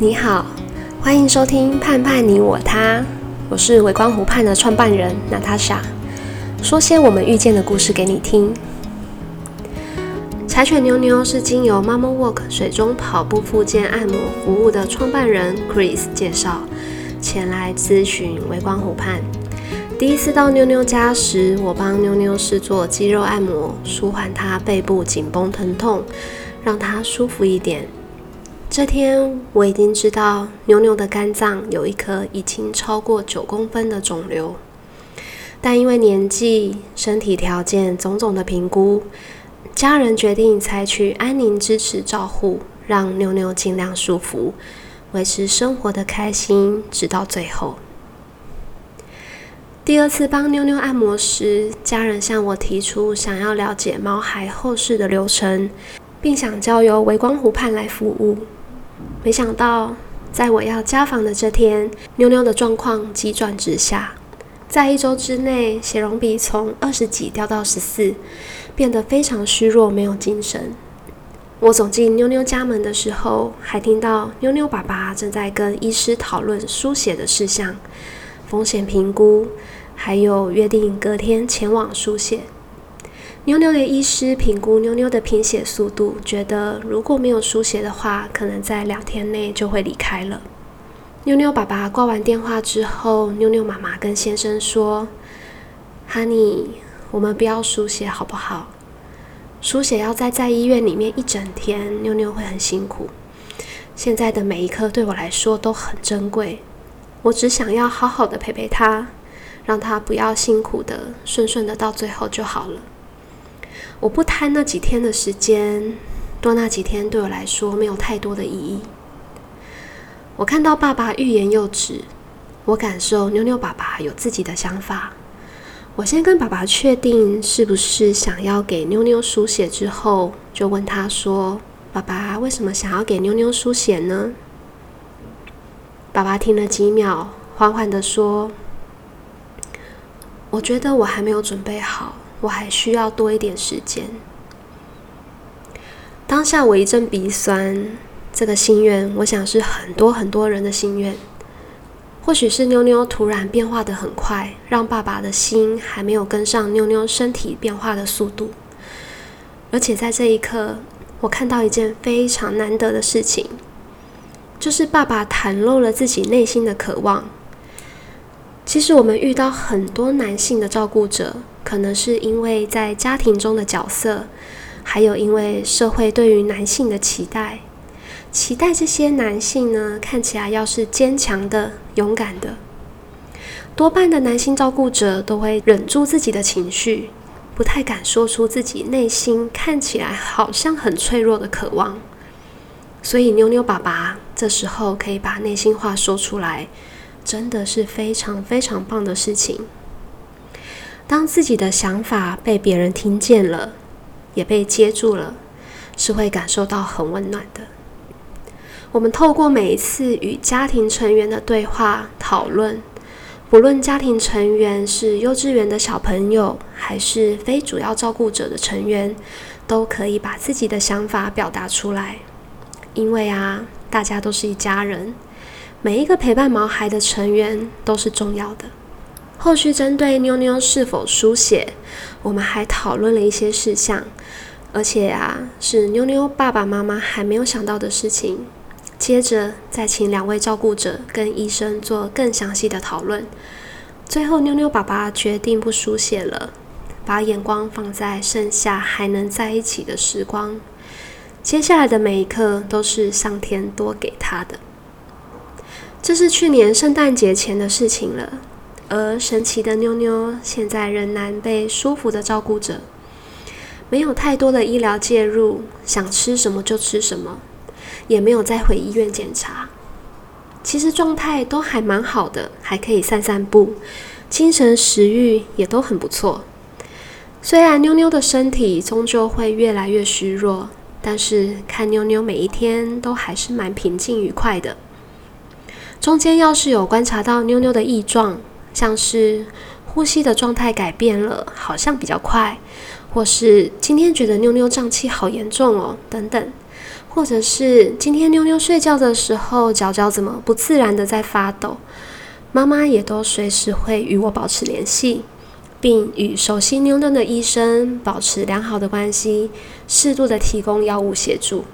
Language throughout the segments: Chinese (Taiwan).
你好，歡迎收聽《盼盼你我他》，我是微光湖畔的創辦人娜塔莎，說些我們遇見的故事給你聽。柴犬妞妞是經由 Mama Walk 水中跑步附件按摩服務的創辦人 Chris 介紹，前來諮詢微光湖畔。第一次到妞妞家時，我幫妞妞試做肌肉按摩，舒緩她背部緊繃疼痛，讓她舒服一點。這天，我已經知道妞妞的肝臟有一顆已經超過九公分的腫瘤，但因為年紀、身體條件種種的評估，家人決定採取安寧支持照護，讓妞妞盡量舒服，維持生活的開心，直到最後。第二次幫妞妞按摩時，家人向我提出想要了解毛孩後事的流程，並想交由微光湖畔來服務。沒想到，在我要家訪的這天，妞妞的狀況急轉直下。在一周之內，血容比從二十幾掉到十四，變得非常虛弱，沒有精神。我走進妞妞家門的時候，還聽到妞妞爸爸正在跟醫師討論輸血的事項、風險評估，還有約定隔天前往輸血。妞妞的醫師評估妞妞的貧血速度，覺得如果沒有輸血的話，可能在兩天內就會離開了。妞妞爸爸掛完電話之後，妞妞媽媽跟先生說：“Honey，我們不要輸血好不好？輸血要在在醫院裡面一整天，妞妞會很辛苦。現在的每一刻對我來說都很珍貴，我只想要好好的陪陪她，讓她不要辛苦的，順順的到最後就好了。”我不貪那幾天的時間，多那幾天對我來說沒有太多的意義。我看到爸爸欲言又止，我感受妞妞爸爸有自己的想法。我先跟爸爸確定是不是想要給妞妞輸血之後，就問他說：“爸爸為什麼想要給妞妞輸血呢？”爸爸聽了幾秒，緩緩的說：“我覺得我還沒有準備好。”我還需要多一點時間。當下我一陣鼻酸，這個心願，我想是很多很多人的心願。或許是妞妞突然變化得很快，讓爸爸的心還沒有跟上妞妞身體變化的速度。而且在這一刻，我看到一件非常難得的事情，就是爸爸袒露了自己內心的渴望。其實我們遇到很多男性的照顧者。可能是因為在家庭中的角色，還有因為社會對於男性的期待，期待這些男性呢，看起來要是堅強的、勇敢的。多半的男性照顧者都會忍住自己的情緒，不太敢說出自己內心看起來好像很脆弱的渴望。所以妞妞爸爸這時候可以把內心話說出來，真的是非常非常棒的事情。當自己的想法被別人聽見了，也被接住了，是會感受到很溫暖的。我們透過每一次與家庭成員的對話、討論，不論家庭成員是幼稚園的小朋友，還是非主要照顧者的成員，都可以把自己的想法表達出來。因為啊，大家都是一家人，每一個陪伴毛孩的成員都是重要的。後續針對妞妞是否輸血，我們還討論了一些事項，而且啊，是妞妞爸爸媽媽還沒有想到的事情。接着再請兩位照顧者跟醫生做更詳細的討論。最後，妞妞爸爸決定不輸血了，把眼光放在剩下還能在一起的時光。接下來的每一刻都是上天多給他的。這是去年聖誕節前的事情了。而神奇的妞妞現在仍然被舒服的照顧着，沒有太多的醫療介入，想吃什麼就吃什麼，也沒有再回醫院檢查。其實狀態都還蠻好的，還可以散散步，精神食慾也都很不錯。雖然妞妞的身體終究會越來越虛弱，但是看妞妞每一天都還是蠻平靜愉快的。中間要是有觀察到妞妞的異狀，像是呼吸的狀態改變了，好像比較快，或是今天覺得妞妞脹氣好嚴重哦，等等，或者是今天妞妞睡覺的時候，腳腳怎麼不自然的在發抖，媽媽也都隨時會與我保持聯繫，並與熟悉妞妞的醫生保持良好的關係，適度的提供藥物協助。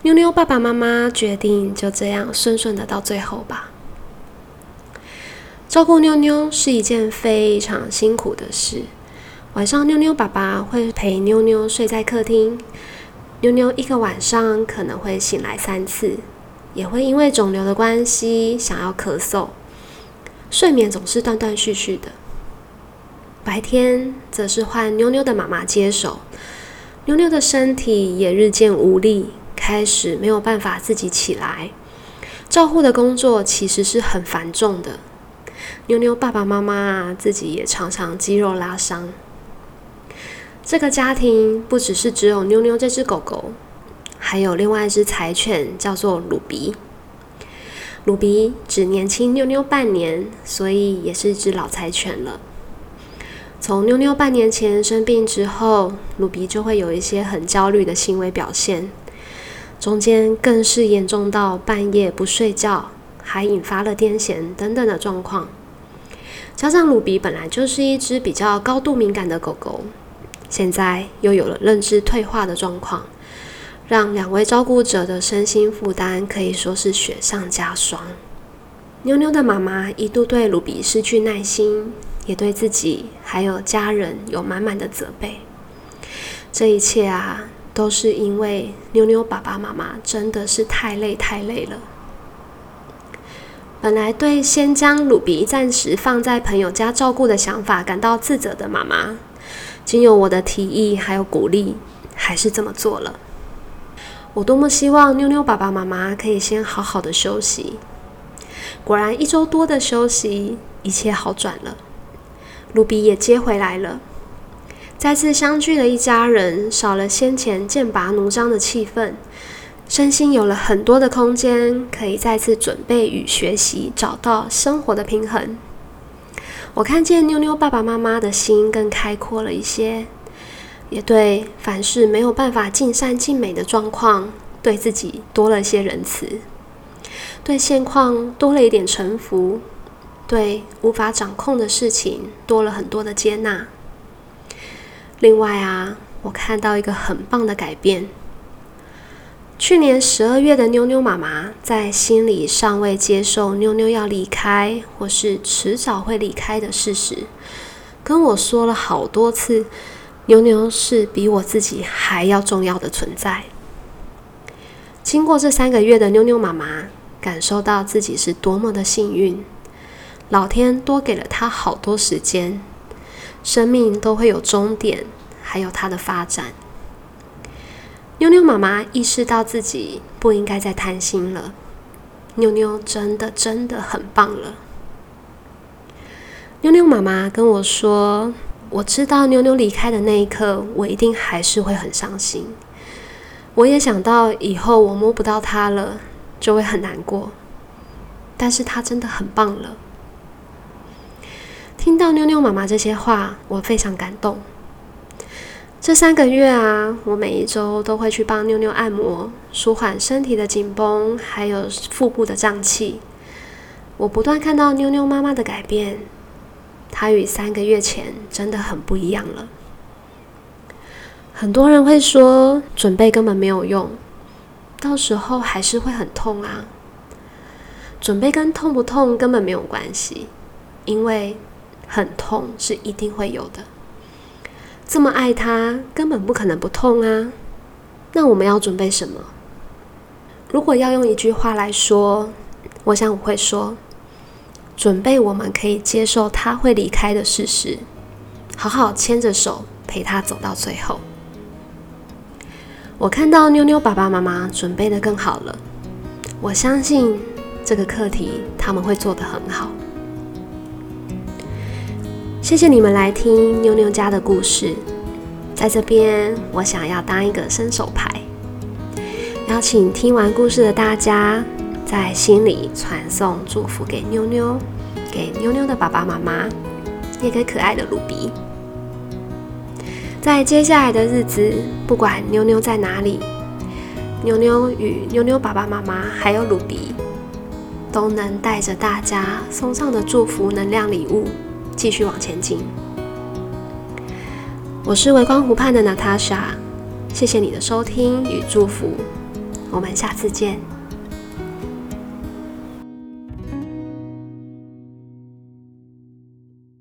妞妞爸爸媽媽決定就這樣順順的到最後吧。照顧妞妞是一件非常辛苦的事。晚上，妞妞爸爸會陪妞妞睡在客廳。妞妞一個晚上可能會醒來三次，也會因為腫瘤的關係想要咳嗽，睡眠總是斷斷續續的。白天則是換妞妞的媽媽接手。妞妞的身體也日漸無力，開始沒有辦法自己起來。照護的工作其實是很繁重的。妞妞爸爸媽媽自己也常常肌肉拉傷。這個家庭不只是只有妞妞這隻狗狗，還有另外一隻柴犬叫做露比。露比只年輕妞妞半年，所以也是一隻老柴犬了。從妞妞半年前生病之後，露比就會有一些很焦慮的行為表現，中間更是嚴重到半夜不睡覺，還引發了癲癇等等的狀況，加上魯比本來就是一隻比較高度敏感的狗狗，現在又有了認知退化的狀況，讓兩位照顧者的身心負擔可以說是雪上加霜。妞妞的媽媽一度對魯比失去耐心，也對自己還有家人有滿滿的責備。這一切啊，都是因為妞妞爸爸媽媽真的是太累太累了。本來對先將露比暫時放在朋友家照顧的想法感到自責的媽媽，經由我的提議還有鼓勵，還是這麼做了。我多麼希望妞妞爸爸媽媽可以先好好的休息。果然，一周多的休息，一切好轉了，露比也接回來了。再次相聚的一家人，少了先前劍拔弩張的氣氛，身心有了很多的空間，可以再次準備與學習，找到生活的平衡。我看見妞妞爸爸媽媽的心更開闊了一些，也對凡事沒有辦法盡善盡美的狀況，對自己多了一些仁慈，對現況多了一點臣服，對無法掌控的事情多了很多的接納。另外啊，我看到一個很棒的改變。去年十二月的妞妞媽媽在心裡尚未接受妞妞要離開或是遲早會離開的事實，跟我說了好多次，妞妞是比我自己還要重要的存在。經過這三個月的妞妞媽媽感受到自己是多麼的幸運，老天多給了她好多時間，生命都會有終點，還有它的發展。妞妞媽媽意識到自己不應該再貪心了。妞妞真的真的很棒了。妞妞媽媽跟我說：“我知道妞妞離開的那一刻，我一定還是會很傷心。我也想到以後我摸不到她了，就會很難過，但是她真的很棒了。”聽到妞妞媽媽這些話，我非常感動。這三個月啊，我每一周都會去幫妞妞按摩，舒緩身體的緊繃，還有腹部的脹氣。我不斷看到妞妞媽媽的改變，她與三個月前真的很不一樣了。很多人會說，準備根本沒有用，到時候還是會很痛啊。準備跟痛不痛根本沒有關係，因為很痛是一定會有的。這麼愛他，根本不可能不痛啊！那我們要準備什麼？如果要用一句話來說，我想我會說：準備我們可以接受他會離開的事實，好好牽着手陪他走到最後。我看到妞妞爸爸媽媽準備得更好了，我相信這個課題他們會做得很好。謝謝你們來聽妞妞家的故事，在這邊我想要當一個伸手牌，邀請聽完故事的大家在心裡傳送祝福給妞妞，給妞妞的爸爸媽媽，也給可愛的露比。在接下來的日子，不管妞妞在哪裡，妞妞與妞妞爸爸媽媽還有露比，都能帶着大家送上的祝福能量禮物。繼續往前進。我是微光湖畔的娜塔莎，謝謝你的收聽與祝福，我們下次見。